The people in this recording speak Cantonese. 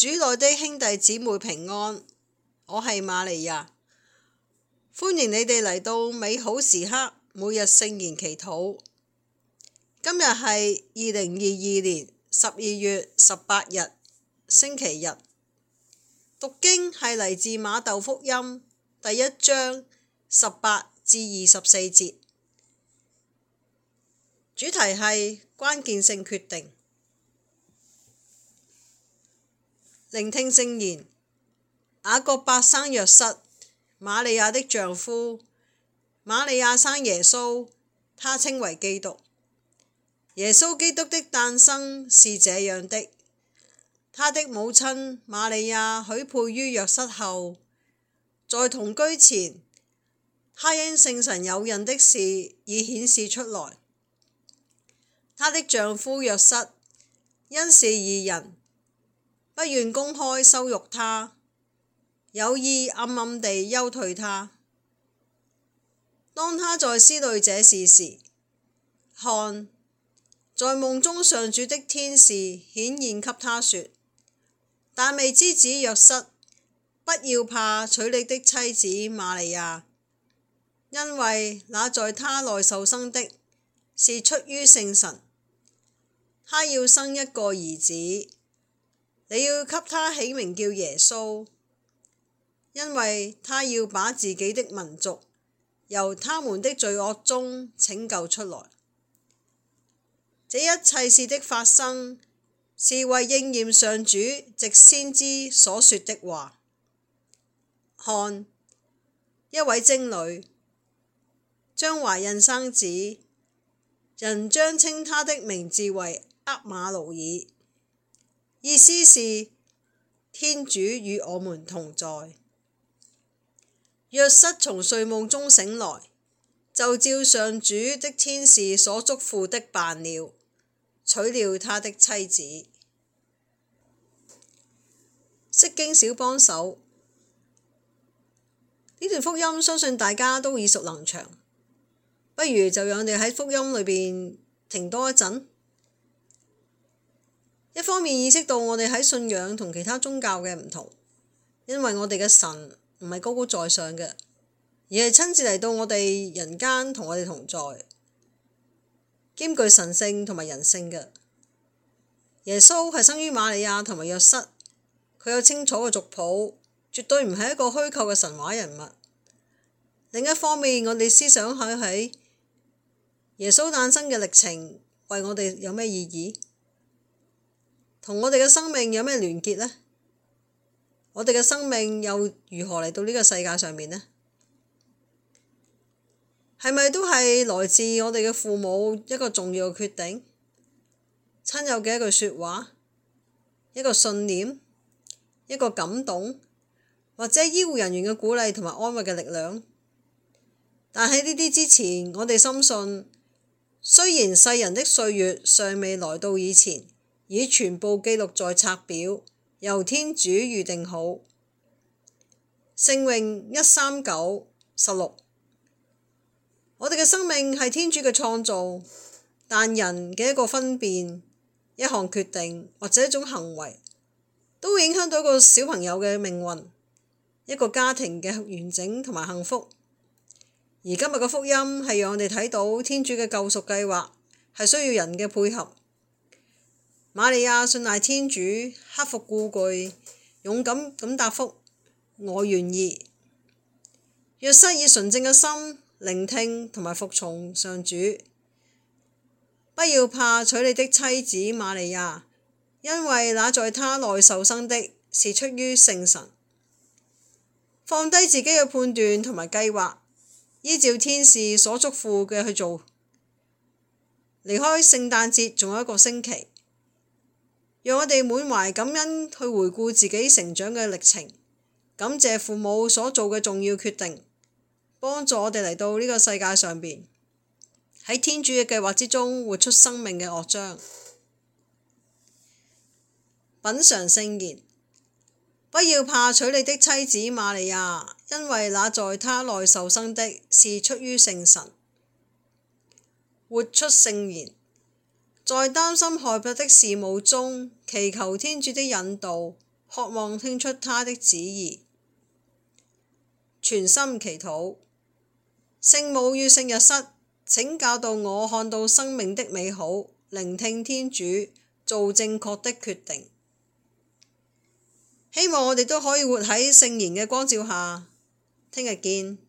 主內的兄弟姐妹平安，我係瑪利亞，歡迎你哋嚟到美好時刻，每日聖言祈禱。今日係二零二二年十二月十八日，星期日。讀經係嚟自瑪竇福音第一章十八至二十四節，主題係關鍵性決定。聆聽聖言，雅各伯生若瑟，瑪利亞的丈夫，瑪利亞生耶穌，他稱為基督。耶穌基督的誕生是這樣的，他的母親瑪利亞許配於若瑟後，在同居前，他因聖神有孕的事已顯示出來，他的丈夫若瑟因是義人。不願公開羞辱他，有意暗暗地休退他。當他在思慮這事時，看，在夢中上主的天使顯現給他說：達味之子若瑟，不要怕娶你的妻子瑪利亞，因為那在他內受生的，是出於聖神。他要生一個兒子。你要給他起名叫耶穌，因為他要把自己的民族由他們的罪惡中拯救出來。這一切事的發生，是為應驗上主藉先知所說的話。看，一位貞女將懷孕生子，人將稱她的名字為厄瑪奴耳。意思是天主與我們同在。若瑟從睡夢中醒來，就照上主的天使所囑咐的辦了，娶了他的妻子。釋經小幫手，呢段福音相信大家都耳熟能詳，不如就讓我哋喺福音裏邊停多一陣。一方面意識到我哋喺信仰同其他宗教嘅唔同，因為我哋嘅神唔係高高在上嘅，而係親自嚟到我哋人間同我哋同在，兼具神性同埋人性嘅。耶穌係生於瑪利亞同埋若瑟，佢有清楚嘅族譜，絕對唔係一個虛構嘅神話人物。另一方面，我哋思想喺喺耶穌誕生嘅歷程為我哋有咩意義？同我哋嘅生命有咩連結呢？我哋嘅生命又如何嚟到呢個世界上面呢？係咪都係來自我哋嘅父母一個重要嘅決定？親友嘅一句説話，一個信念，一個感動，或者醫護人員嘅鼓勵同埋安慰嘅力量。但喺呢啲之前，我哋深信，雖然世人的歲月尚未來到以前，已全部記錄在冊表，由天主預定好。聖詠一三九十六，我哋嘅生命係天主嘅創造，但人嘅一個分辨、一項決定或者一種行為，都會影響到一個小朋友嘅命運、一個家庭嘅完整同埋幸福。而今日嘅福音係讓我哋睇到天主嘅救贖計劃係需要人嘅配合。瑪利亞信賴天主，克服顧忌，勇敢咁答覆：我願意。若瑟以純正嘅心聆聽同埋服從上主，不要怕娶你的妻子瑪利亞，因為那在她內受生的，是出於聖神。放低自己嘅判斷同埋計劃，依照天使所囑咐嘅去做。離開聖誕節仲有一個星期。讓我哋滿懷感恩去回顧自己成長嘅歷程，感謝父母所做嘅重要決定，幫助我哋嚟到呢個世界上邊，喺天主嘅計劃之中活出生命嘅樂章。品嚐聖言，不要怕娶你的妻子瑪利亞，因為那在她內受生的，是出於聖神。活出聖言。在擔心害怕的事務中，祈求天主的引導，渴望聽出他的旨意，全心祈禱。聖母與聖若瑟，請教導我看到生命的美好，聆聽天主，做正確的決定。希望我哋都可以活喺聖言嘅光照下。聽日見。